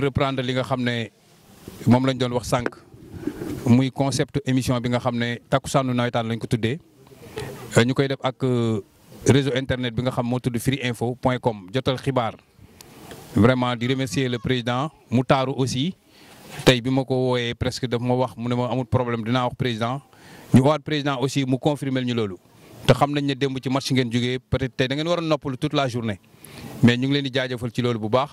reprendre li nga xamné ne lañ doon wax sank muy concept émission bi nga xamné ne takkusaanu nawetaan lañ ko tuddé euh, ñu koy def ak euh, réseau internet bi nga xam mo tuddu freeinfo.com info point jotal vraiment di remercier le président mu aussi tay bi mako woyé presque daf mo wax mu ne mo amul problème dina wax président ñu waat président aussi mu confirmer ñu lolu te xam nañ ne démb ci match ngeen jógee peut-être tay da ngeen war a toute la journée mais ñu ngi leen di jaajeufal ci lolu bu baax.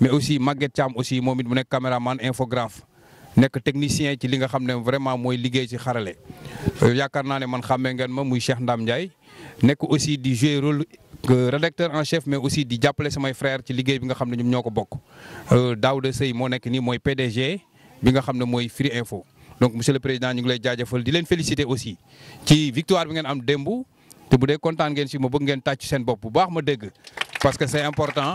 mais aussi Maguette aussi moom it mu caméraman infographe nek technicien ci li nga xamné vraiment moy liguey ci xaralé euh, yakarna né man xamé ngeen ma muy Cheikh Ndam ndjay nek aussi di jouer rôle euh, rédacteur en chef mais aussi di jàppale sama frère ci liguey bi nga xamné ñom ñoko bok euh daoude sey mo nek ni moy PDG bi nga xamné moy free Info donc monsieur le président ñu ngi lay jaajëfal di len féliciter aussi ci victoire bi ngeen am démb té bu dee kontaan ngeen si ma bëgg ngeen tàcc sen bop bu baax ma dégg parce que c'est important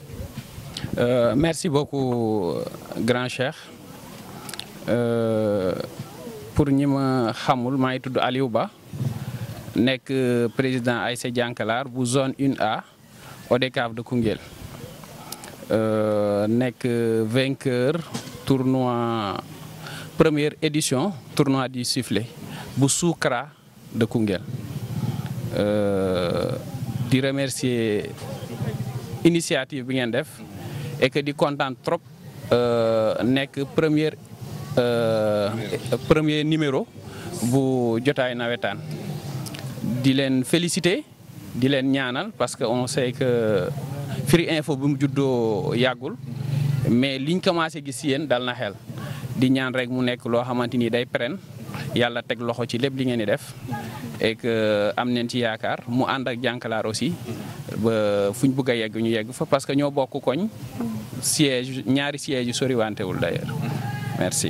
Euh, merci beaucoup, grand cheikh. Euh, pour nous, ma xamul maa ngi euh, président ASC Djankalar bu zone 1A au décave de euh, Nek vainqueur tournoi première édition tournoi du sifflet bu Soukra de Kungel. Je remercier initiative bi def et que di kontaan trop euh, nekk première euh, premier numéro bu jotaay nawetaan di leen félicité di leen ñaanal parce que on sait que Firi Info bi mu juddoo yàggul mais liñ commencé gis si yéen dal na xel di ñaan rek mu nekk loo xamante ni day pren yàlla teg loxo ci lépp li ngeen di def et euh, am neen ci yaakaar mu ànd ak jànkalaar aussi ba fuñ bëgg a yegg ñu yegg fa parce que ñoo bokk koñ siège ñaari siège yu soriwantewul d'ailleurs merci.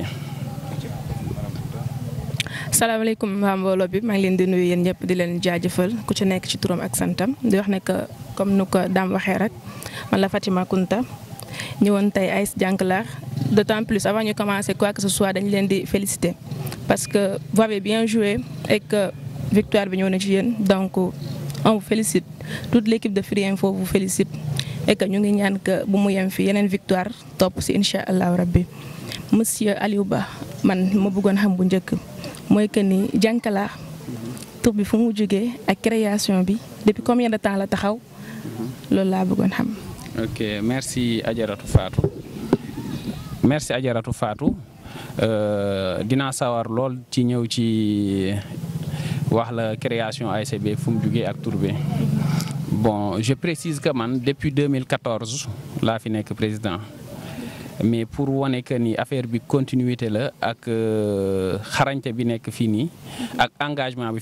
salaamaaleykum mbaa mbooloo bi maa ngi leen di nuyu yéen ñëpp di leen jaajëfal ku ci nekk ci turam ak santam di wax ne que nu ko daam waxee rek man la Kunta Nous tey AIS Diankalaar d'autant plus avant de commencer quoi que ce soit nous voulons di féliciter parce que vous avez bien joué et que victoire est venue, donc on vous félicite toute l'équipe de Free Info vous félicite et que nous avons ñaan que bu mu victoire top ci monsieur Aliouba, je man ma bëggoon xam bu que ni avez tur bi fu création depuis combien de temps la taxaw que vous avez xam. Ok, merci Adjaratou Fatou. merci Adjaratou Fatou euh, Dina sawar Lol ci ñëw ci wax la création ASB bi fu bon je précise que man depuis 2014 la fi est président mais pour voir que ni affaire bi continuité la ak euh, xarañte bi engagement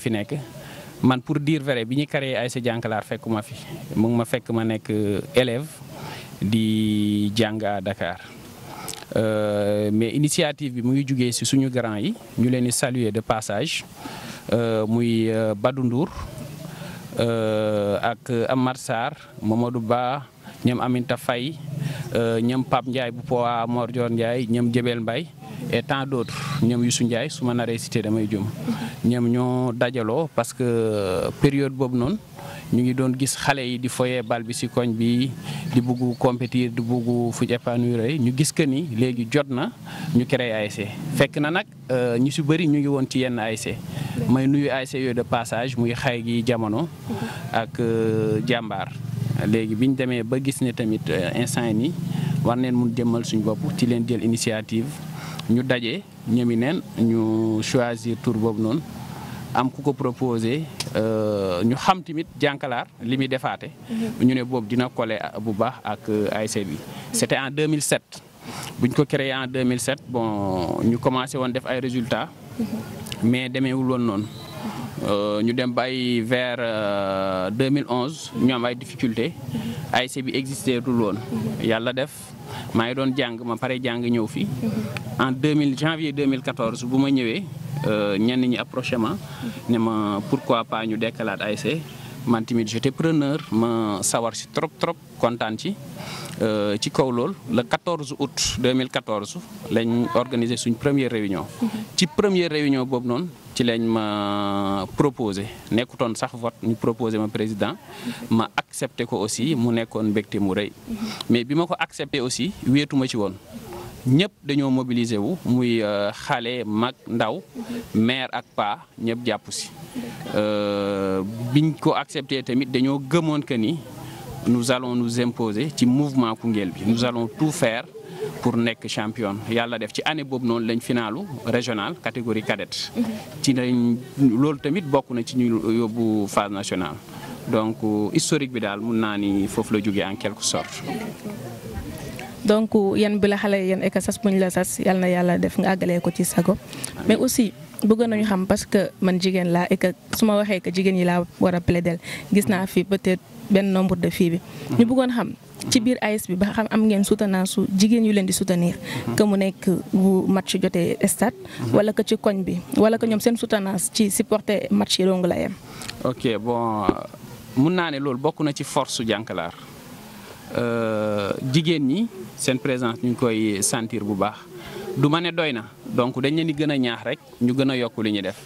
man pour dire vrai bi ñu créé ASC Jànkalaar fekkuma fi mu ngi ma fekk ma nekk euh, élève di jàng à Dakar euh, mais initiative bi mu ngi jugee si suñu grand yi ñu leen di saluer de passage euh, muy Badou Ndour ak Amar Sarr Mamadou baax ñoom Aminta Faye euh, ñoom Pape Ndiaye bu Poa Mor Dior Ndiaye ñoom Jebel Mbaye et tant d'autres ñoom Youssou Ndiaye su ma naree cité damay jum ñoom ñoo dajaloo parce que euh, période boobu noonu ñu ngi doon gis xale yi di foye bal bi ci koñ bi di bugg compétir di bugg fu épanouir ñu gis que ni léegi jot na ñu créer ASC fekk na nag euh, ñu si bëri ñu ngi woon ci yenn ASC may nuyu ASC yooyu de passage muy xay gi jamono ak jàmbaar léegi biñ démé ba gis ne tamit euh, instant ni war né mu démal suñ bopp ci leen jël initiative ñu dajé ñëmi i ñu choisir tour boobu non am kuko proposer euh ñu xam tamit jankalar limi défaté mhm. ñu ne boobu dina collé bu baax ak euh, ASC bi mhm. c'était en 2007 buñ ko créé en 2007 bon ñu commencé won def ay résultats mhm. mais wul won non. Nous euh, dem vers 2011 euh, ñu am ay difficulté ASC bi existé Il woon a def maa ngi doon jàng ma pare jàng ñëw fi en 2000 janvier 2014 bu ma ñëwee euh, ñenn ñi approché ma pourquoi pas nous décaler ASC man timid j'étais preneur ma sawar ci trop trop kontaan ci ci kaw lol le 14 août 2014 lañ organiser suñ première réunion mhm. ci première réunion Bob non ci ma proposé nekkutoon sax vote suis proposer ma président ma accepté aussi mais aussi mobiliser euh, euh, nous allons nous imposer mouvement nous allons tout faire pour nekk championne yàlla def ci année boobu noonu lañ finaalu régional catégorie cadette. Mhm. ci lañ loolu tamit bokk na ci ñu yóbbu phase nationale donc euh, historique bi daal mun naa ni foofu la jógee en quelque sorte. donc yan bi la xale yan ECASAS bu ñu la sas yàlla na yàlla def nga àggalee ko ci sago mais aussi. bëggoon nañu xam parce que man jigéen laa et su ma waxee que jigéen yi laa war a plaider gis naa fi peut-être benn nombre de filles bi. ñu bëggoon xam ci biir AS bi ba xam am ngeen soutenance su jigéen yu leen di soutenir. Mhm. que mu nekk bu match jotee state mhm. wala que ci koñ bi wala que ñoom seen soutenance ci supporter match yi dong la yem. bon euh, mun naa ne loolu bokk na ci force su jànkalaar euh, jigéen ñi seen présence ñu ngi koy sentir bu baax. du ma ne doy na donc dañ leen di gën a ñaax rek ñu gën a yokk lu ñuy def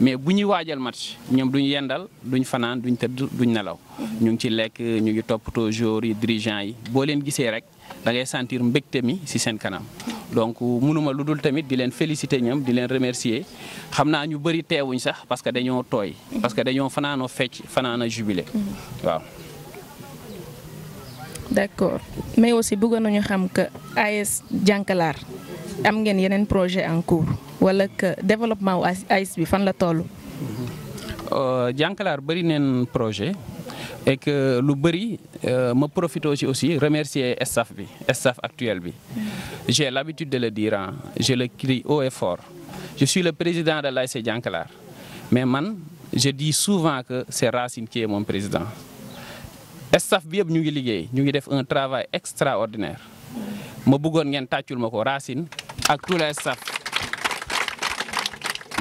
mais bu ñuy waajal match ñoom duñ yendal duñ fanaan duñ tëdd duñ nelaw ñu ngi ci lekk ñu ngi toppatoo joueurs yi dirigeants yi boo leen gisee rek da ngay sentir mbégte mi si seen kanam. donc mënuma lu dul tamit di leen féliciter ñoom di leen remercier xam naa ñu bëri teewuñ sax parce que dañoo tooy. parce que dañoo fanaanoo fecc fanaana a jubilé waaw. d'accord mais aussi bëggoon nañu xam que AS Jànkalaar am ngeen un projet en cours wala que développement wu AIS bi fan la toll. jànkalaar euh, bëri neen projet et que lu bëri euh, ma profite aussi aussi remercier staff bi staff actuel bi j'ai l'habitude de le dire hein, je le crie haut et fort je suis le président de l'ice Jànkalaar mais man je dis souvent que c'est Racine qui est mon président staff bi yëpp ñu ngi liggéey ñu ngi def un travail extraordinaire ma bëggoon ngeen tàccul ma ko Racine ak tout les staff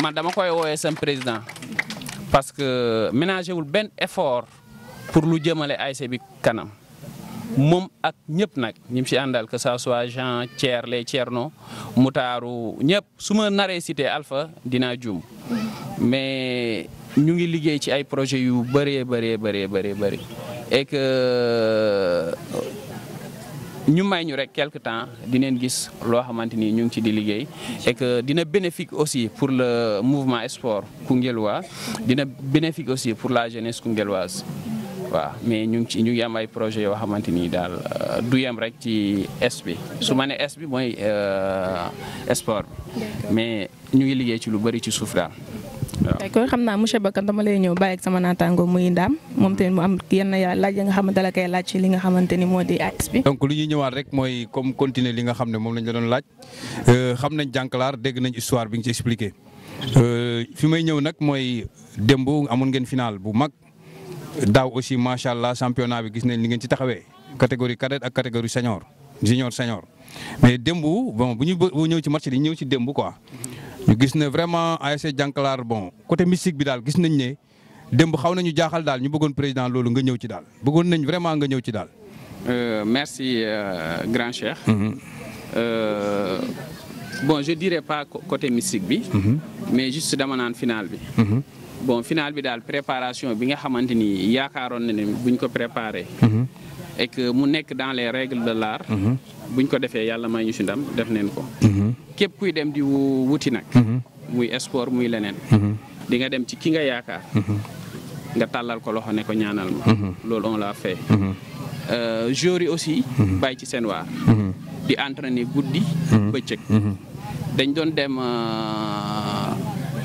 man dama koy woowee seen président parce que ménager wul benn effort pour lu jëmale ASC bi kanam mom ak ñëpp nak ñim ci andal que ça soit Jean Thier les Thierno Moutarou ñëpp suma naré cité Alpha dina djum mais ñu ngi liggéey ci ay projet yu bëree bëree bëree bëri et que ñu may ñu rek quelque temps dineen gis loo xamante ni ñu ngi ci di liggéey et que dina bénéfique aussi pour le mouvement sport kounguelois dina bénéfique aussi pour la jeunesse koungueloise waaw mais ñu ngi ci ñu ngi am ay projet yoo xamante ni daal euh, du yem rek ci es bi su ma ne es bi mooy euh, sport bi mais ñu ngi liggéey ci lu bëri ci suuf daal d'accord xam naa monsieur Bakane dama lay ñëw bàyyi ak sama naataango muy ndaam moom tamit mu am yenn laaj ya nga xam ne dala koy laaj ci li nga xamante ni moo di AS bi. lu ñuy ñëwaat rek mooy comme continuer li nga xam ne moom lañ la doon laaj euh, xam nañ jànkalaar dégg nañ histoire bi nga ci expliqué euh, fi may ñëw nag mooy démb amoon ngeen final bu mag daaw aussi macha allah championnat bi gis nañ li ngeen ci taxawee catégorie cadette ak catégorie senior junior senior. mais démb bon bu ñu ci match bi ñëw ci démb quoi ñu gis ne vraiment ASC Janklar bon côté mystique bi dal gis nañ né démb xaw nañu jaaxal dal ñu bëggoon président lolu nga ñëw ci dal bëggoon nañ vraiment nga ñëw ci dal euh merci euh, grand cheikh. Mm -hmm. euh, bon je dirais pas côté mystique bi. Mm -hmm. mais juste dama naan final bi. Mm -hmm. bon final bi dal préparation bi nga xamanteni ni yaakaaroon na ne buñ ko préparé. Mm-hmm. et que mu nekk dans les règles de l'art mm-hmm. buñ ko défé yalla may ñu ci ndam def nañ ko mhm. képp kuy dem di wuti nak mhm. muy espoir muy lenen mhm. di nga dem ci ki nga yaakaar nga talal ko loxo ne ko ñaanal ma on l'a fait euh jori aussi bay ci sen waar di entraîner goudi beccëk dañ doon dem euh,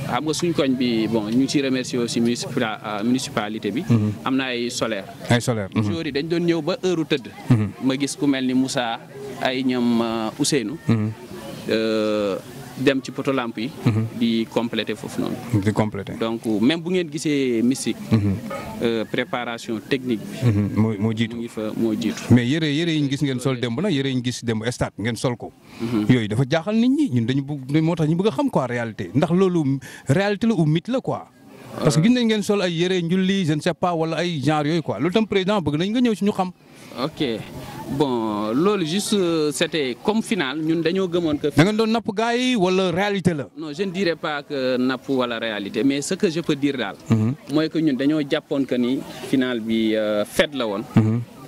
xam nga suñ koñ bi bon ñu ci remercier aussi euh, municipalité bi amna ay solaire ay solaire jori dañ doon ñëw ba heure teud ma gis ku melni Moussa ay ñoom euh, Ousseynou. Mhm. Euh, dem ci poto lamp yi. Mhm. di complété foofu noonu. di complété donc même bu ngeen gisee mystique. Mhm. Euh, préparation technique bi. moo moo jiitu ngi fa moo jiitu. mais yére yére yi ñu gis ngeen sol démb nag yére yi ñu gis démb stade ngeen sol ko. yooyu dafa jaaxal nit ñi ñun dañu bëgg moo tax ñu bëgg a xam quoi réalité ndax loolu réalité la ou mythe la quoi. parce que gis nañ ngeen sol ay yére njulli je ne sais pas wala ay genre yooyu quoi loolu tam président bëgg nañ nga ñëw si ñu xam. ok bon l'ol juste euh, c'était comme final nous avons dit que. Vous avez dit que c'était la wala réalité la. non je ne dirais pas que c'était la réalité mais ce que je peux dire là, mhm. moi, que nous avons dit que ni final bi euh, fait, la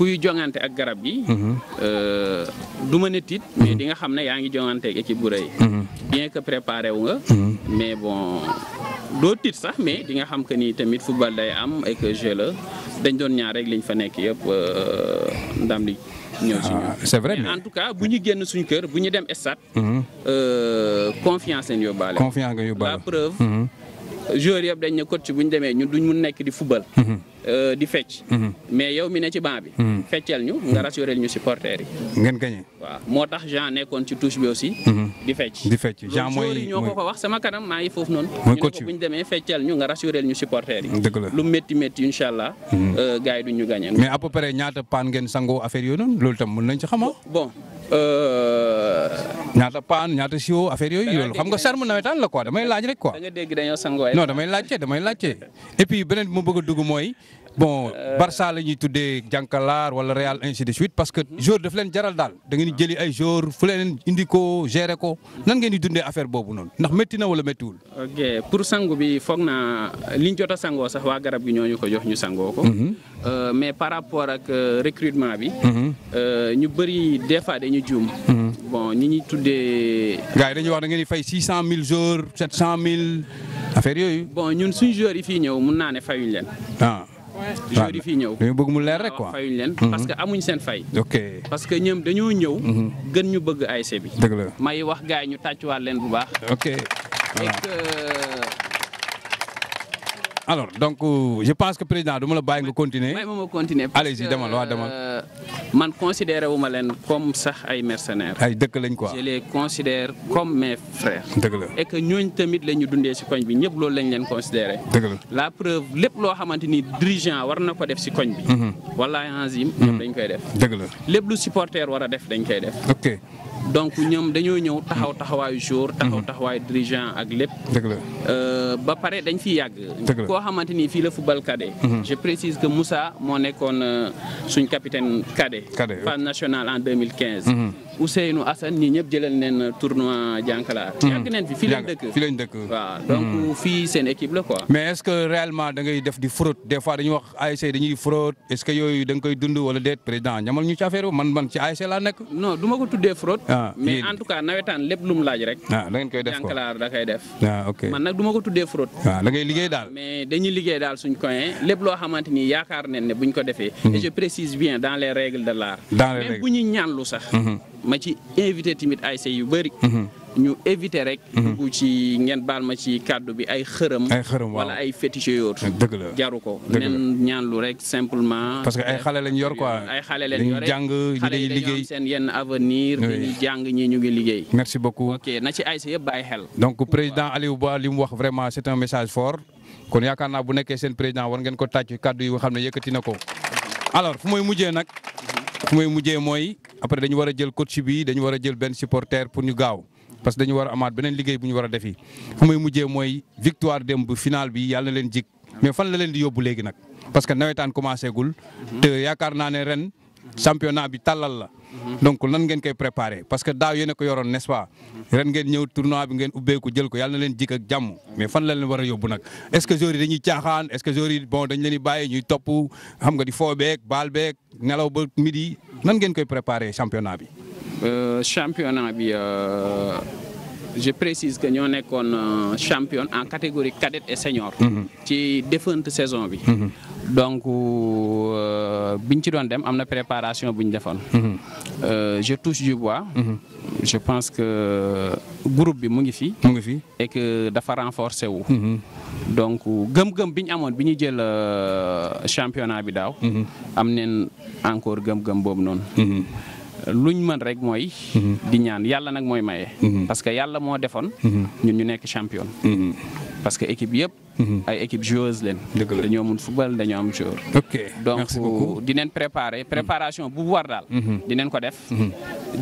kuy jongante ak garab gi mhm. euh, du ma ne tiit mais mhm. di nga xam ne yaa ngi jongante ak équipe bu rëy mhm. bien que préparé wu nga mais bon doo tiit sax mais di nga xam que ni tamit football day am et que jeu la dañ doon ñaar rek liñ fa nekk yëpp euh, ndam li ñëw si ñun ah, c'est vrai en tout cas bu génn suñu kër bu dem stade euh, confiance leen yóbbaale confiance nga yóbbaale la preuve joueurs yëpp dañ ne coach bu ñu demee ñun duñ mun nekk di football. Mhm. Euh, di fecc. Mhm. mais yow mi ne ci banc bi. Mhm. feccal ñu nga rassuré ñu supporters yi. ngeen gagné. waaw moo tax Jean nekkoon ci touche bi aussi. di fecc di fecc Jean mooy ñoo ko ko wax sama kanam maa ngi foofu noonu. mooy coach bu ñu demee feccal ñu nga rassuré ñu supporters yi. dëgg la lu métti métti incha allah. Euh, gars yi duñ ñu gagné. mais à peu ñaata paan ngeen sangoo affaire yooyu loolu tam mën nañ ci xamoo. bon Euh, ñaata paan ñaata siwo affaire yooyu loolu xam nga charme nawetaan la quoi damay laaj rek quoi. da nga dégg dañoo sangoo non damay laajte damay laajte et puis beneen bi bëgg a dugg bon Barça la ñuy tuddee jànkalaar wala Real ainsi de suite parce que mhm. jour daf leen jaral dal da ngeen jëli ay jour fu leen indi ko gérer ko nan ngeen di dundé affaire bobu non ndax metti na wala méttiwul. ok pour sangu bi foog na liñ jot sango sax wa garab gi ñooñu ko jox ñu sango ko. Mhm. euh, mais par rapport ak euh, recrutement bi. Mhm. euh, ñu bëri des fois dañu juum. bon ñi ñi tuddee. gars yi dañuy wax da ngeen fay 600000 jours 700000 affaire yoyu bon ñun suñu joueur yi fi ñëw mun naa ne fayuñ ah joueurs yi fii ñëw dañu bëgg mu leer rek quoi ah, fayuñ leen mhm. parce que amuñ seen fay ok parce que ñoom dañoo ñëw mhm. gën ñu bëgg ASC bi dëgg la may wax gaay ñu tàccuwaat leen bu baax alors donc euh, je pense que président du la continuer. continuer allez-y demande, waa Je euh, man les comme mercenaires. ay je les considère comme mes frères. et que nous, nous sommes nous bi la preuve les dirigeants, xamante dirigeant war na ko def nous bi. Mhm. Les en mhm. dañ koy donc ñoom dañu ñëw taxaw taxaway jour. Mhm. taxaw taxaway dirigeant ak euh ba paré dañ fi yàgg. ko xamanteni fi le football cadet. Mhm. je précise que Moussa mo nekkoon euh, suñ capitaine cadet. cadet national en 2015. Ousseynou Assane ñi ñëpp jëlal neen tournoi Jànkalaar. Hmm. yàgg neen fi fi lañ dëkk fi lañ dëkk. donc hmm. fi seen équipe la quoi. mais est ce que réellement da ngay def di fraude des fois dañuy wax ASC dañuy fraude est ce que yooyu da ngay koy dund wala déet président ñamal ñu ci affaire man man ci ASC la nek non duma ko tuddee fraude. Ah, mais en tout cas nawétane lepp lu mu laaj rek. ah da ngeen koy def ko da koy def. ah ok man nak duma ko tuddee fraude. waaw ah, da ngay liggéey dal mais dañuy liggéey dal suñ coin lepp lo xamanteni yaakar yaakaar ne buñ ko défé hmm. et je précise bien dans les règles de l'art. dans les règles même buñu ñuy ñaanlu sax ma ci invité tamit ay ASC yu bëri. Mhm. ñu éviter rek. Mhm. dugg ci ngeen bal ma ci cadeau bi ay xërëm. ay xërëm wala ay fétiche yoot dëgg la jaru ko nen ñaan lu rek simplement. parce que ay xalé lañ yor quoi. ay xale lañ yor jàng ñu day liggéey sen yenn avenir. dañuy jang ñi ñu ngi liggéey. merci beaucoup ok na ci ASC yëpp bay xel. donc président Aliou Ba li wax vraiment c'est un message fort kon yaakaar bu nekké sen président war ngeen ko tàcc cadeau yi nga xamné yëkëti nako mhm. alors fu moy mujjé nak fu may mujjee mooy après dañu war a jël coach bi dañu war a jël benn supporter pour ñu gaaw parce que dañu war a amaat beneen liggéey bu ñu war a defi fu may mujjee mooy victoire dem bu final bi yàlla leen jik mais fan la leen di yóbbu léegi nag parce que nawetaan commencé gul te yaakaar naa ne ren championnat bi tàllal la. donc nan ngeen koy préparé parce que daaw yéen ko yoroon n'est-ce pas mhm. ren ngeen ñëw tournoi bi ngeen ubbeeku jël ko yàlla na leen jik ak jàmm mais fan la leen war a yóbbu nag est-ce que joueurs yi dañuy caaxaan est-ce que joueurs leen di ñuy topp xam nga di foo beek baal beeg nelaw ba midi nan ngeen koy préparé championnat bi euh, championnat bi euh, je précise que ñoo sommes euh, championne en catégorie cadette et senior. Mhm. ci défunte saison bi. Mhm. donc euh, biñ ci doon dem préparation bu mhm. euh, je touche du bois. je pense que groupe bi mu ngi fi. et que dafa renforcé wu. donc gëm-gëm bi ñu à bi ñu jël euh, championnat bi daw encore gëm-gëm boobu luñ ma rek mooy. Mhm. di ñaan yàlla nag mooy maye. Mhm. parce que yàlla moo defoon. Mhm. ñun ñu nekk champion. parce que équipe yëpp. Mhm. ay équipe joueuse len dañu mun football dañu am joueur. ok merci beaucoup donc dinañ préparer préparation bu war daal. Mhm. dinañ ko def.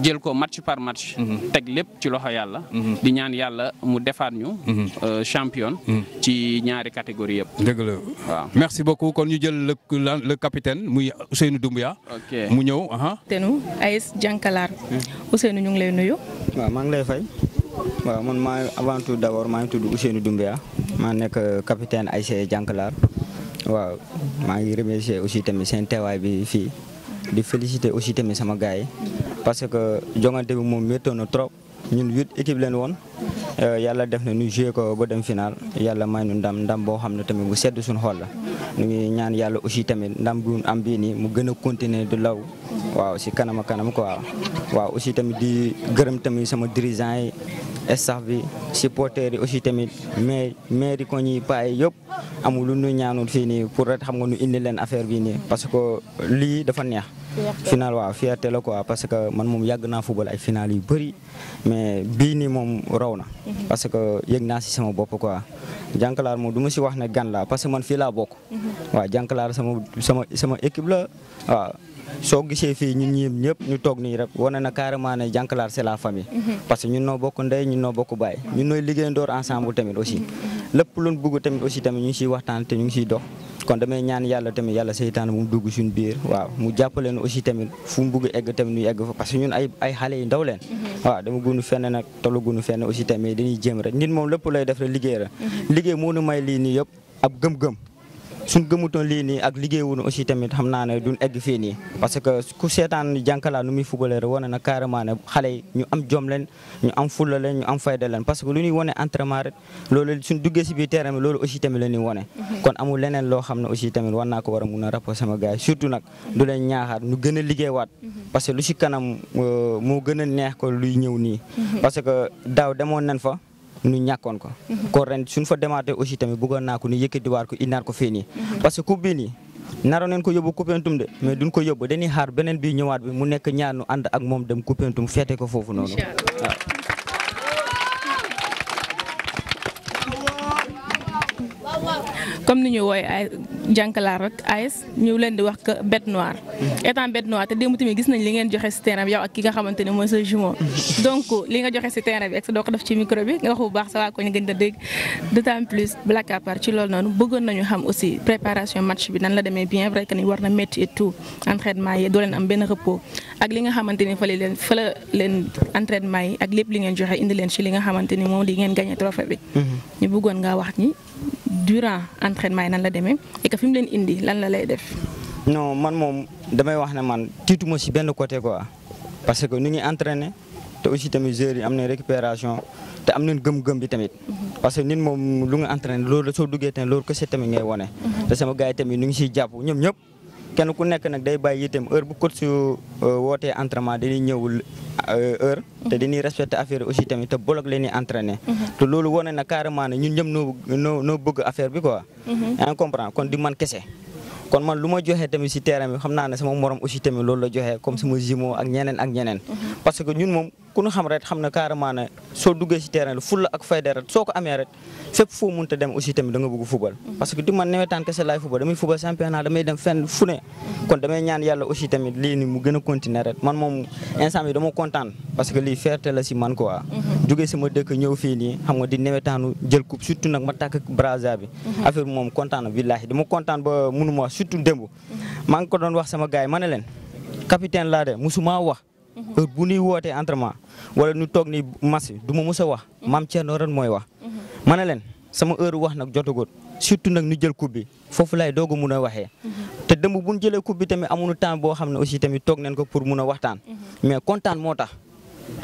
djel mhm. ko match par match. tek lepp ci loxo yalla di ñaan yalla mu défat ñu. Euh, champion. ci ñaari catégorie yëpp. deug la waaw merci beaucoup kon ñu djel le le capitaine muy Ousseynou Doumbia. mu ñëw. tenu AS Jankalaar. Hmm. Ousseynou ñu ngi lay nuyu. waaw ma ngi lay fay. waaw man maa avant tout d'abord maa ngi tudd Ousseynou Doumbia maa nekk capitaine ASC Diankalar waaw maa ngi remercier aussi tamit seen teewaay bi fii di féliciter aussi tamit sama gars yi parce que jongante bi moom méttoon na trop ñun huit équipe leen woon euh, yàlla def na nu joué ko ba dem final yàlla may nu ndam ndam boo xam ne tamit bu sedd suñu xol la ñu ngi ñaan yàlla aussi tamit ndam bu am bii nii mu gën a continuer du law waaw si kanam kanam quoi waaw aussi staff bi supporters yi aussi tamit mais maire yi ko ñuy yëpp amul lu ñu ñaanul fii nii pour rek xam nga nu indi leen affaire bi nii parce que lii dafa neex. final waaw fierté la quoi parce que man moom yàgg naa football ay final yu bëri mais bii nii moom raw na. Mhm. parce que yëg naa si sama bopp quoi jànkalaar moom duma si wax ne gan laa parce que man fii laa bokk. Mhm. waaw jànkalaar sama sama sama équipe la waaw. soo gisee fii ñun ñii ñëpp ñu toog nii rek wane na carrément ne Jànkalaar c'est la famille. Mhm. parce que ñun noo bokk ndey ñun noo bokk baay ñun nooy liggéeyandoor ensemble tamit aussi. Mhm. Mhm. lépp luñ bugg tamit aussi tamit ñu ngi siy waxtaan te ñu ngi siy dox. kon damay ñaan yàlla tamit yàlla seytaane mu dugg suñu biir waaw mu jàppale nu aussi tamit fu mu bëgg egg tamit ñu egg fa parce que ñun ay xale yu ndaw leen waaw dama gunu fenn nag tollu gunu fenn aussi tamit dañuy jéem rek nit moom lépp lay def rek liggéey liggéey moo nu may lii nii yëpp ab gëm-gëm suñ gëmutoon lii nii ak liggéeyuñu aussi tamit xam naa ne duñ egg fii nii parce que ku seetaan jànkalaa nu muy fubalee rek na carrément ne xale yi ñu am jom leen ñu am fulla leen ñu am fayda leen parce que lu ñuy wane entraînement rek loolu suñ duggee si biir terrain bi loolu aussi tamit la ñuy wane mhm. kon amul leneen loo xam ne aussi tamit war naa ko war a mun a rapport sama gars yi surtout nag du leen ñaaxaat ñu gën a liggéeywaat mhm. parce que lu si kanam euh, moo gën a neex ko luy ñëw nii mhm. parce que daaw demoon nañ fa ñu ñàkkoon ko mhm. kon ren suñ fa demaatee aussi tamit bëggoon naa ko ni yëkkatiwaat ko indaat ko fii nii mhm. parce que coupe bi nii naroon nañ ko yóbbu Koupentoum de mais duñ ko yóbbu dañuy xaar beneen bi ñëwaat bi mu nekk ñaar ñu ànd ak moom dem Koupentoum feete ko foofu noonu waaw comme ni ñu wooye ay jànkalaar rek AS ñu leen di wax que bête noire mm-hmm. étant bête noire te démb tamit gis nañ li ngeen joxe si terrain bi yow ak ki nga xamante ne mooy sa jumeau mm-hmm. donc li nga joxe si terrain bi ek sa doo ko def ci micro bi nga wax bu baax sa waa ko ñu gën xam aussi préparation match bi nan la demee bien vrai que yi doo leen li nga joxe indi leen ci li nga xamante ni moom li ngeen gagné trophée bi mm-hmm. ñu bëggoon nga wax ni durant entraînement yi nan la demee fi mu leen indi lan la lay def. non man moom damay wax ne man tiituma si benn côté quoi parce que nu ngi entraîné te aussi tamit joueurs yi am nañ récupération te am nañ gëm-gëm bi tamit. Mhm. parce que nit moom lu nga entraîné loolu la soo duggee tamit loolu kese tamit ngay wone. Mhm. te sama gars yi tamit ñu ngi siy jàpp ñoom ñëpp. kenn ku nekk nag day bàyyi itam heure bu coach su euh, wootee entraînement dañuy ñëwul euh, heure te mhm. dañuy respecté affaire aussi tamit te bolog leen ñuy mhm. te loolu wane na carrément ne ñun ñëm noo noo noo bëgg affaire bi quoi mhm. yaa ngi kon di man kese kon man lu ma joxee tamit si terrain bi xam naa ne sama morom aussi tamit loolu la joxee comme sama jimo ak ñeneen ak ñeneen parce que ñun moom ku nu xam rek xam na carrément ne soo duggee si terrain la full ak fay rek soko amé amee rek fépp foo mënta dem aussi tamit da nga bëgg football mhm. parce que du man nawetaan kese laay football dama football championnat damay dem fenn fune kon damay ñaan yalla aussi tamit li ni mu gëna continuer rek man mom instant bi dama contane parce que li fierté la si man quoi duggé mhm. sama dëkk ñëw fi ni xam nga di nawetaanu jël coupe surtout nak ma tàkk Brazza bi mhm. affaire mom contane kontaan dama contane ba mënu ma surtout dembu maa ko doon wax sama gaay yi ma capitaine la dé musuma wax heure bu entraînement wala ñu tok ni massi du ma mës a wax mhm. maam Thierno ran moy wax mhm. ma ne sama heure wax nak jotagut surtout nak ñu jël coupe bi foofu laay doog a mun a waxee mhm. te dëmb bu ñu jëlee coupe bi tamit amuñu temps bo xam aussi tamit tok nañ ko pour mëna waxtaan mais contane motax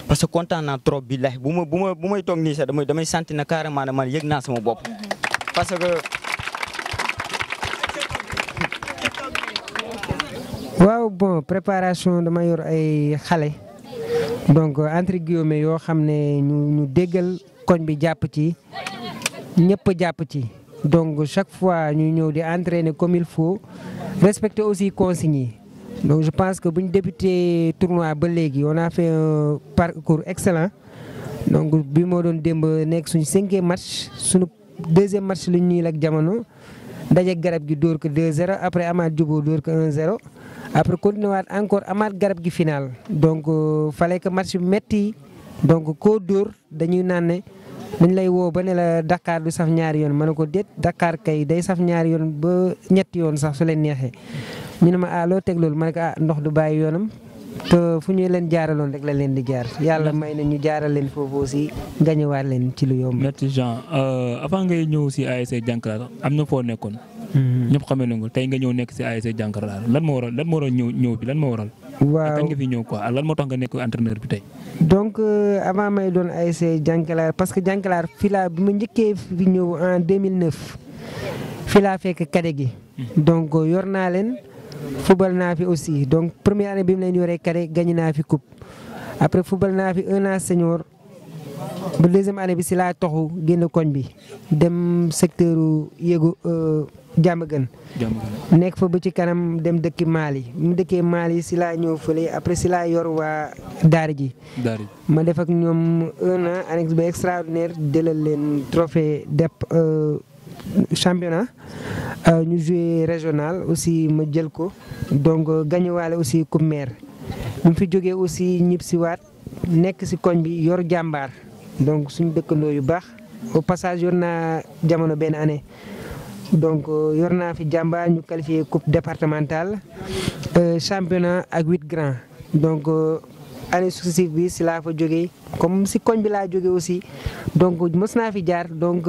parce que contane na trop billahi bu ma bu bu may damay damay na carrément man yëg sama bop parce que waaw bon préparation dama yor ay donc entre guillemets yo xamné ñu ñu déggal koñ bi japp ci ñëpp japp ci donc chaque fois ñu ñëw di entraîner comme il faut respecter aussi consignes donc je pense que buñ débuté tournoi ba légui on a fait un parcours excellent donc bi mo doon demb nek suñu cinquième match suñu deuxième match lu ñuy ak jamono dajé garab gi dóor 2-0 après Amad jubóo dóor 1-0. après continué waat encore amaat garab gi final donc euh, fallait que match bi metti donc koo dóor dañuy naan ne dañ lay woo ba ne la Dakar du saf ñaari yoon ma ne ko déet Dakar kay day saf ñaari yoon ba ñetti yoon sax su leen neexee ñu ne ma ah loo teg loolu ma ne ko ah ndox du bàyyi yoonam te fu ñuy leen jaaraloon rek la leen di jaar yàlla may na ñu jaaral leen foofu aussi gañewaat leen ci lu yomb. merci Jean euh, avant ngay ñëw si ASC Jànkalaar am na foo nekkoon. Mm-hmm. ñëw nekk si ASC Jànkaraar lan moo waral lan moo waral ñëw bi lan moo waral. waaw kañ nga fi ñëw quoi lan moo tax nga nekk entraîneur bi tey. donc euh, avant may doon ASC Jànkaraar parce que Jànkaraar fii bi ma njëkkee fi ñëw en 2009 fii laa fekk kade gi. Mm-hmm. donc euh, yor naa leen fubal naa fi aussi donc première année bi mu leen yoree kade gañ naa fi coupe après fubal naa fi un an senior ba deuxième année bi si laa toxu génn koñ bi dem secteur yéegu. jàmm nekk fa ba ci kanam dem dëkki Mali mu dëkkee Mali si laa ñëw fële après si laa yor waa daara ji ma defak ñoom un an annexe ba extraordinaire jëlal leen trophée depp euh, championnat euh, ñu joué régional aussi ma jël ko donc euh, gañuwaale aussi coupe maire bu mu fi jógee aussi ñib si waat nekk si koñ bi yor jàmbaar donc suñ dëkkandoo yu baax au passage yor naa jamono benn année donc euh, yor naa fi jàmbaar ñu qualifié coupe départementale euh, championnat ak huit grands donc euh, année successive bi si laa fa jóge comme si koñ bi laa jóge aussi donc mës naa fi jaar donc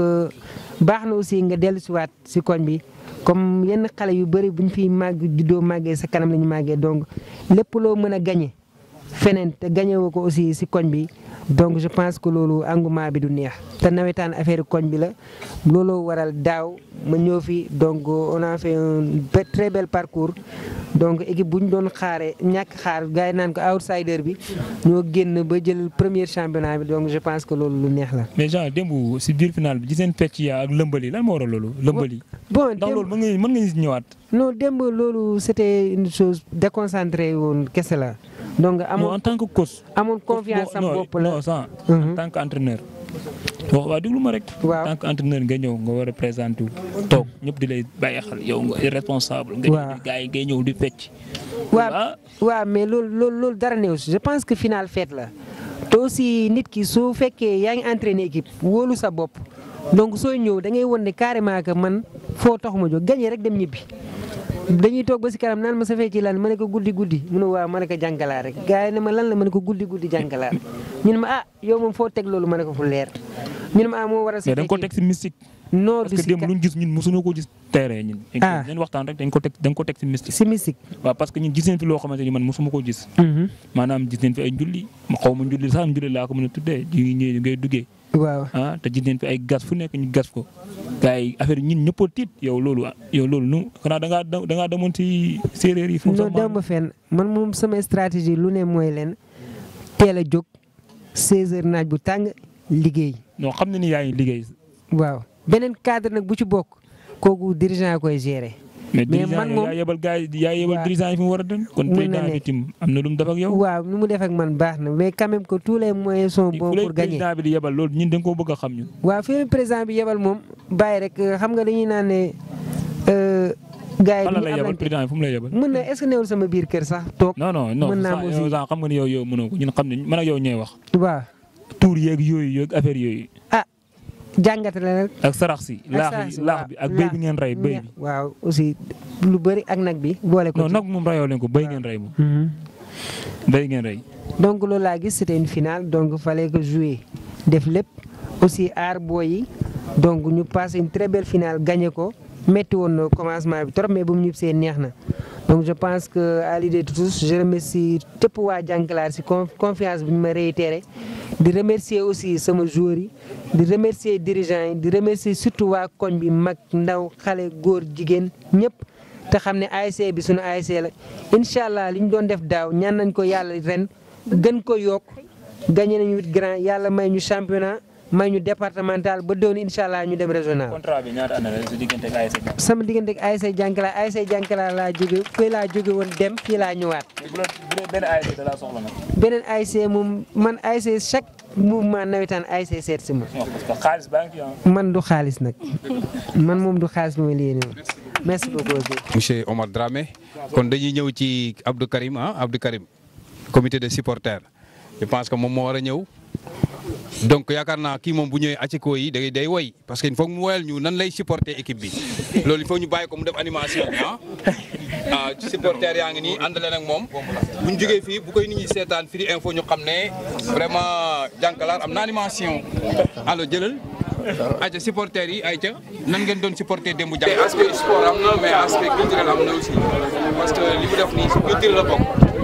baax na aussi nga dellu si waat si koñ bi comme yenn xale yu bëri bu ñu fi màgg juddoo màggee sa kanam lañu ñu màggee donc lépp loo mën a gañe feneen te gañewoo ko aussi si koñ bi donc je pense que loolu engouement bi du neex te nawetaan affaire koñ bi la looloo waral daaw ma ñëw fi donc on a fait un bel parcours donc équipe bu ñu doon xaaree ñàkk xaar gars yi naan ko outsider bi ñoo génn ba jël premier championnat bi donc je pense que loolu lu neex la. mais Jean démb si biir final bi ci seen pecc ya ak lëmbali lan moo waral loolu. lëmbali bon ndax loolu mën nga mën nga ñëwaat. non démb loolu c'était une chose déconcentré woon kese la. donc amoon en tant que coach. amoon confiance am bopp la non non mhm. en tant waaw waaw ma rek. waaw tant que nga ñëw nga war a présenté wu. toog ñëpp di lay bàyyi xel yow nga responsable. nga ñëw di fecc. waaw waaw mais loolu loolu loolu dara néew si je pense que final fête la te aussi nit ki soo fekkee yaa ngi entraîné équipe wóolu sa bopp donc sooy ñëw da ngay won ne carrément que man foo tax ma jóg gagné rek dem ñibbi. dañuy toog ba si kanam naan ma safee ci lan ma ne guddi guddi mu ne waaw ma ne ko jàngalaa ma lan la ma ne guddi guddi jàngalaa rek ma ah yow moom teg loolu ma ne ko fu ma ah moo war a safee ci mais parce que ñun mosuñoo ko fi loo xamante ni man mosuma ko gis mhm. maanaam gis nañ fi ay njulli xaw ma njulli sax njulli laa ko mën a tuddee ñu ngi duggee waaw ah te gis neen fi ay gas fu nekk ñu gas ko. gars yi affaire ñun ñëpp a tiit yow loolu yow loolu nu xanaa da ngaa da ngaa demoon ci séeréer yi. fu mu dem ba fenn man moom sama stratégie lu ne mooy leen teel a jog 16h naaj bu tàng liggéey. non xam na ni yaa ngi liggéey. waaw beneen cadre nag bu ci bokk kooku dirigeant koy gérer. mais man moom yaa yebal gars yi a doon kon président bi tim am na lu mu def ak yow. waaw lu mu def ak man baax na mais quand même que tous les moyens sont bons pour gagner président bi a xam ñu. waaw fi moom bàyyi rek euh, xam nga dañuy naan ne euh, gars yi. fan la lay yebal président bi fu mu mën na est ce sama biir kër sax toog. mën naa non xam nga ni yow yow mënoo ko ñun xam ne man ak yow ñooy wax. waaw. tuur yeeg yooyu yeeg affaire yooyu. Ah, jàngate la rek. ak sarax si. laax bi ak béy bi ngeen rey béy bi. waaw aussi lu bëri ak nag bi. boole ko non nag moom rayoo leen ko béy ngeen rey moom. Mhm. béy ngeen rey. donc loolu laa gis c'était une finale donc fallait que jouer def lépp aussi aar booy yi donc ñu passé une très belle finale gagné ko métti woon na commencement bi trop mais bu mu ñibbisee neex na. donc je pense que à l'idée de tous je remercie Tepoua pouvoir confiance que me réitérer. réitéré remercier aussi ce joueurs je remercie les dirigeants de remercier surtout les koñ bi ndaw Djigen, te bi la inshallah liñ doon def gagné grand may championnat may ñu départemental ba doon incha allah ñu dem régional. contrat bi ñaata année la sa diggante ak ASC Jankalaay. sama diggante ak ASC Jankalaay ASC Jankalaay laa jóge fii laa jóge woon dem fii laa ñëwaat. bu dee benn ASC beneen ASC moom man ASC chaque moom mouvement nawetaan ASC seet si ma. xaalis baa ngi fi man du xaalis nag man moom du xaalis mooy lii nii merci beaucoup. monsieur Omar Dramé kon dañuy ñëw ci Abdou Karim ah Abdou Karim comité de supporters je pense que moom moo war a ñëw. donc yaakaar naa kii moom bu ñëwee aciko yi day day woy parce que il faut mu woyal ñu nan lay supporter équipe bi loolu il faut ñu bàyyi ko mu def animation bi ah, ah supporter yaa ngi nii àndale nag moom bu ñu jógee fii bu koy nit ñi seetaan Firi Info ñu xam ne vraiment jànkalaar am na animation allo jëlal ayca supporter yi ayca nan ngeen doon supporter démb jànk aspect sport am na am na aussi parce que li mu def nii culture la bokk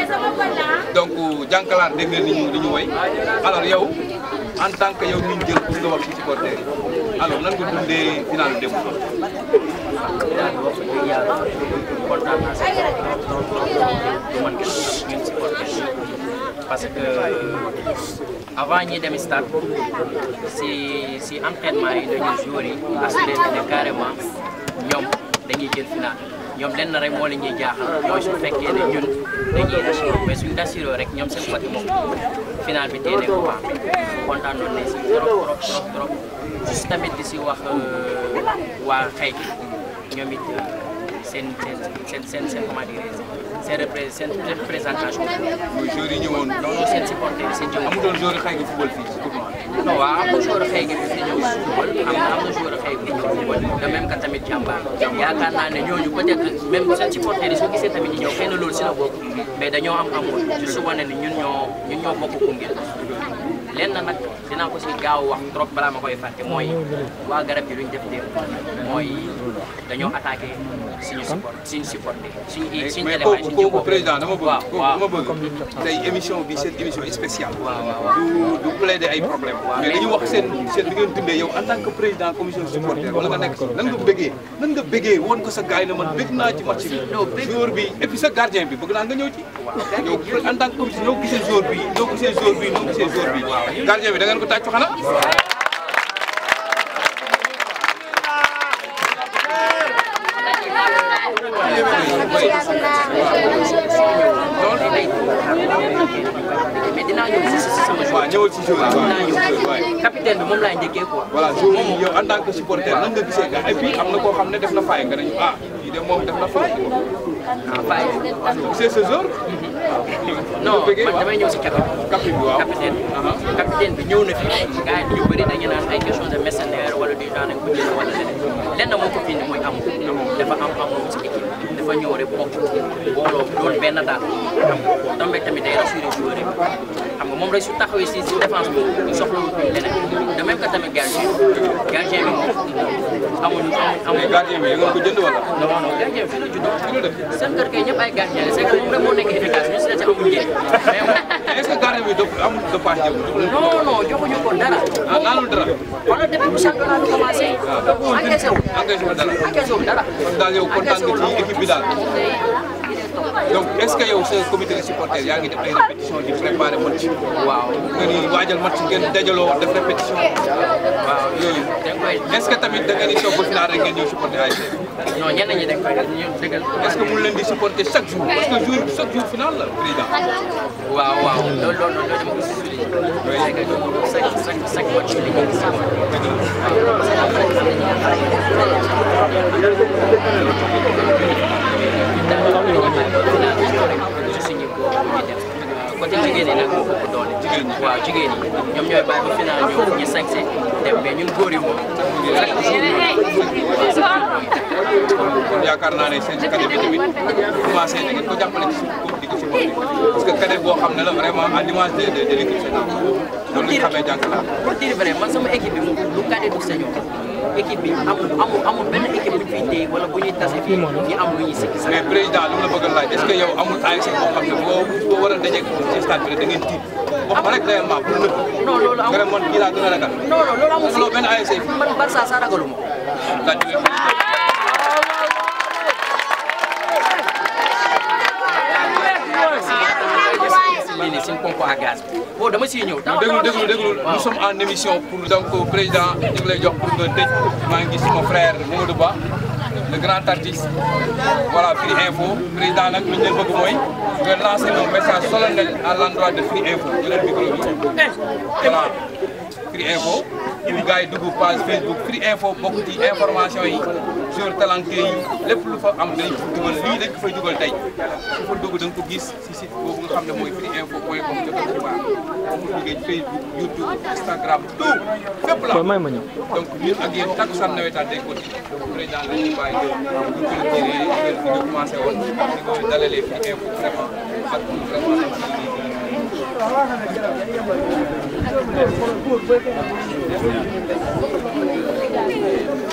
donc jànkalaar dégg ngeen ni ñu ñu woy alors yow en tant que yow mi ñu jël pour nga wax ci supporter yi nan nga dundee final démb. final parce que euh, avant ñuy dem stade si si entraînement yi dañuy jouer yi assuré ne carrément ñoom dañuy jël final. ñoom lenn rek moo leen ñuy jaaxal mooy su fekkee ne ñun dañuy assuré mais suñu assuré rek ñoom seen côté moom bi teel a ko baax kontaan nañ ne si trop trop trop trop tamit di si wax euh, waa xëy ñoom it euh, seen seen seen seen comment dirais seen représentation. muy joueurs yi ñëwoon. non non seen supporter seen jëm. amutoon joueur yi xëy nga football fii. non waaw am na joueur xëy gi fi ñëw si football am na am na joueur xëy gi ñëw football de même que tamit jàmbaar yaakaar naa ne ñooñu peut-être même seen supporters yi soo gisee tamit ñu ñëw xëy na loolu si la bokk mais dañoo am amoon ci su wane ni ñun ñoo ñun ñoo bokk Koungheul lenn nag dinaa ko si gaaw wax trop balaa ma koy fàtte mooy waa garab yi luñ def def mooy dañoo attaqué suñu support suñu supporté suñu suñu élément président dama bëgg dama bëgg tey émission bi seen émission spéciale du du plaider ay problème mais dañu wax seen seen li ngeen dundee yow président commission supporter wala nga nekk nan nga bëggee nan bëggee woon ko sa gars ne man bëgg naa ci match bi joueur bi et sa gardien bi bëgg naa nga ñëw gisee jour bi noo gisee jour bi gardien bi da ngeen ko tàccu xanaa. waaw ñëwal ci jour bi waaw capitaine bi moom laa njëkkee quoi. voilà jour bi yow en tant que supporter nan nga gisee gars et puis am na koo xam ne def na faay nga ne ah kii de moom def na faay. ah faay gisee sa jour. non man damay ñëw si capitaine capitaine uh-huh. capitaine bi ñëw na fi gars yi ñu bëri a naan ay question de mercenaire wala du daanaka bu jëlee wala leneen lenn moo ko fi indi mooy amul dafa am amul ci équipe dafa ñëw rek bokk booloo doon benn daal boo tombé tamit day rassuré joueur yi xam nga moom rek su taxawee si si défense boobu ñu soxla leneen de même que tamit gardien gardien bi moom amul amul. gardien bi nga ko jënd wala. non non gardien bi fii la juddoo. seen kër kay ñëpp ay gardien la c'est que moom rek moo nekk efficace ñu si la ci amul njëriñ mais est-ce que gardien bi dëpp amul départ non non joxuñu ko dara. ah laalul dara. wala depuis bu championnat bi commencé. waaw ah, encaissé wu. encaissé wu dara. encaissé wu dara. kon daal yow kontaan nga ci équipe bi daal donc est-ce que yow sa comité de supporters yaa ngi def ay répétition di préparer match. waaw nga ni waajal match ngeen dajaloo def répétition. waaw yooyu. est-ce que tamit da ngeen di toog ba final rek ngeen ñëw supporter ASC. non ñenn ñi dañ koy def ñu dëggal. est-ce que mun leen di supporter chaque jour parce que jour chaque jour final la président. waaw waaw loolu loolu loolu dama ko suñu liggéey. parce que ñoom chaque chaque chaque match li ngeen di sàmmati. parce que après xam nañ côté jigéen ñi nag moo ëpp doole jigéen ñi waaw ñoom ñooy bàyyi ba final ñoo ñu sañse dem mais ñun góor yi moom kon yaakaar naa ne seen ci côté bi tamit commencé na ngeen ko jàppale ci suñu parce que cadet boo xam ne la vraiment à l'image de de de l' équipe sénat loolu la ñu xamee Diancala. pour dire man sama équipe bi moom lu cadet du sañoon équipe bi amul amul amul benn équipe bu ñu fiy téye wala bu ñuy tase fii ñu am lu ñuy sikki i mais lu mu la bëgg a laaj est ce que yow xam ne boo a da ngeen tiit. am rek loolu amul vraiment kii laa gën a ragal. non non loolu amul si loolu benn ASC. man Barça pompe à gaz bi bon dama siy ñëw. dama déglu en émission pour donc président ñu ngi lay jox pour nga tëj maa ngi gis mon frère Mamadou Ba le grand artiste voilà Firi Info président nag li ñu leen bëgg mooy nga lancer un message solennel de Firi Info jëlal micro bi voilà Firi Info. ñu gars yi dugg page Facebook Info bokk ci yi. joueur talenté yi lépp lu fa am dañ ko dugal lii dañ ko fay dugal fa dugg da ko gis si site boobu nga xam ne mooy firi info point com jot a xibaar mu liggéey Facebook YouTube Instagram tout fépp la donc ñun ak yéen takkusaan nawetaan day continuer donc président la ñu bàyyi ñu ko tiree ngeen fi ñu commencé woon di ko dalalee firi info vraiment ak vraiment Thank you.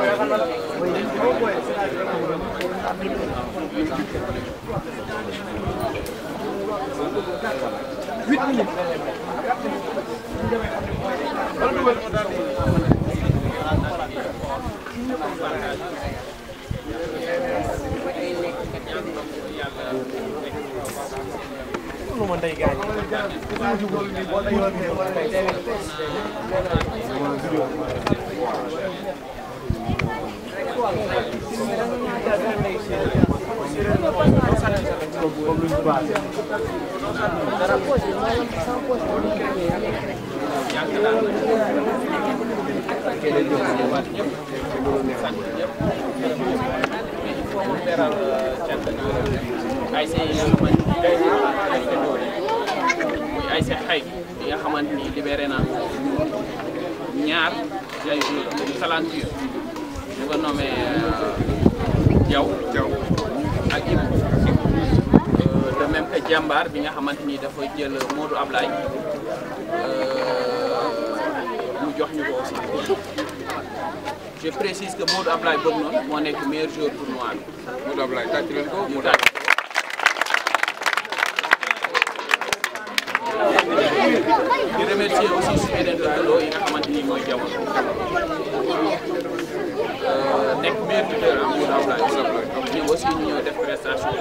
huit minutes lu ma ndey gaañ ay ñaar jaay talentueux ñu ko nommé euh, Diaw. Diaw ak Ibou. Euh, de même que Diambar bi nga xamante ni dafa jël Modou Ablaye euh, mu jox ñu ko aussi. je précise que Modou Ablaye boobu noonu moo nekk meilleur joueur tournoi bi. Modou Ablaye tàcc leen ko mu tàcc. di remercier aussi suñu yeneen lëkkaloo yi nga xamante ni mooy jamono. ñoom aussi ñu ñëw def prestation yu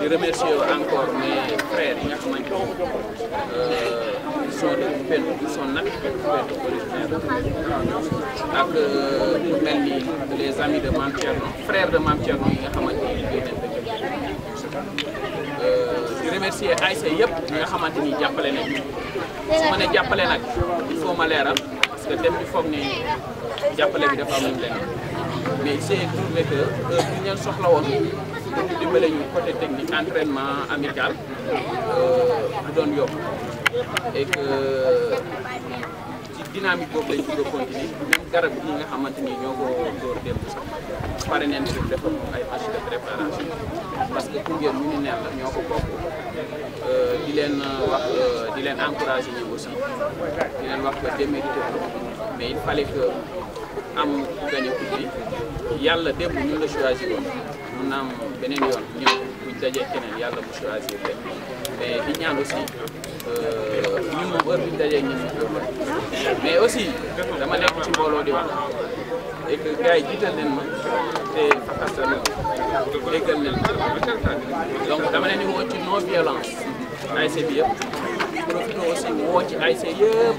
di remercier encore mes frères yi nga xamante ni sont son nag Pendo originaire les amis de Mame Thierno frères de nga xamante ni ñoo leen di remercier ne jàppale nag il ma leeral parce que dem ñu foog ni jàppale bi dafa am lu mais c' est trouvé que heure soxla woon pour dimbale ñu côté technique entraînement amical lu euh, doon yokk et que ci dynamique boobu lañ bëgg a continuer même garab yi nga xamante ni ñoo ko dóor démb sax pare neen pour defal ay machine préparation parce que Koungheul mu ni neen la ñoo ko bokk euh, di leen wax euh, di leen encouragé ñu aussi di leen wax que démérité mais il que am gañe coupe bi yàlla démb ñun la choisir woon mun naam beneen yoon ñëw buñ dajee yàlla mu choisir leen di ñaan aussi euh, ñun moom heure buñ dajee ñun mais aussi dama nekk ci mbooloo di wax et que gars yi ma te fakastal déggal leen donc dama leen di woo ci non violence ASC e bi yëpp profité aussi woo ci ASC yëpp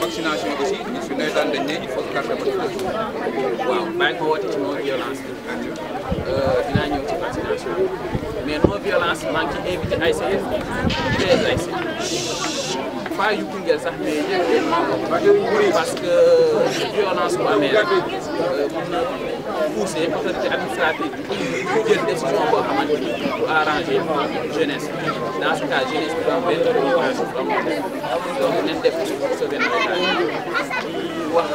vaccination aussi su nawetaan dañ ne il faut carte vaccination waaw bàyyi ko woote ci non violence dinaa ñëw ci vaccination mais non violence maa ngi ci invité ASC yëpp les ASC pas yu Koungheul sax mais yëpp parce que violence bu amee rek euh, mun na poussé autorité administrative bi pour jël décision boo xamante ni bu arrangé jeunesse dans cas jeunesse bi am benn occupation donc nañ def ci sauvetage wax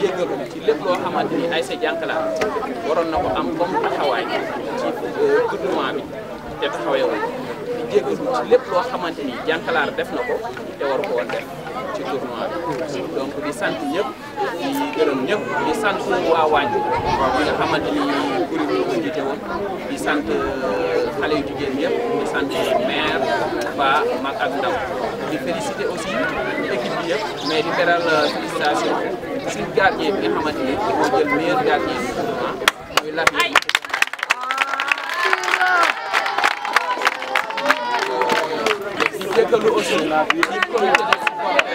jéggalu ci lépp loo xamante ni ay sa jànkala waroon na ko am comme taxawaay ci euh, gouvernement bi te taxawee woon di jéggalu ci lépp loo xamante ni jànkalaar def na ko te waru ko woon def ci tournoi donc di sant ñëpp di gërëm ñëpp di sant waa waañ bi nga xamante ni kuréel ko jiite woon di sant xale yu jigéen ñëpp di sant maire ba mag ak ndaw di féliciter aussi équipe bi yëpp mais di beral félicitation suñu gardien bi nga xamante ni jël meilleur gardien bi tournoi muy Lat Diop di jégalu aussi di comité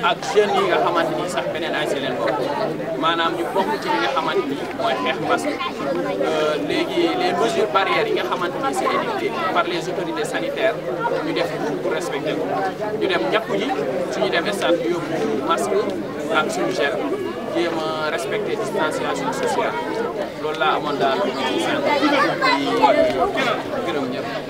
ak jeunes yi nga xamante ni sax beneen ay si leen maanaam ñu bokk ci nga xamante mooy xeex mbas euh, léegi les mesures barrières yi nga xamante ni c'est édicté par les autorités sanitaires ñu def pour respecter ko ñu dem ñàkk ñi suñu demee stade ñu yóbbu masque ak suñu gel jéem a respecter distanciation sociale loolu laa amoon daal di gërëm ñëpp.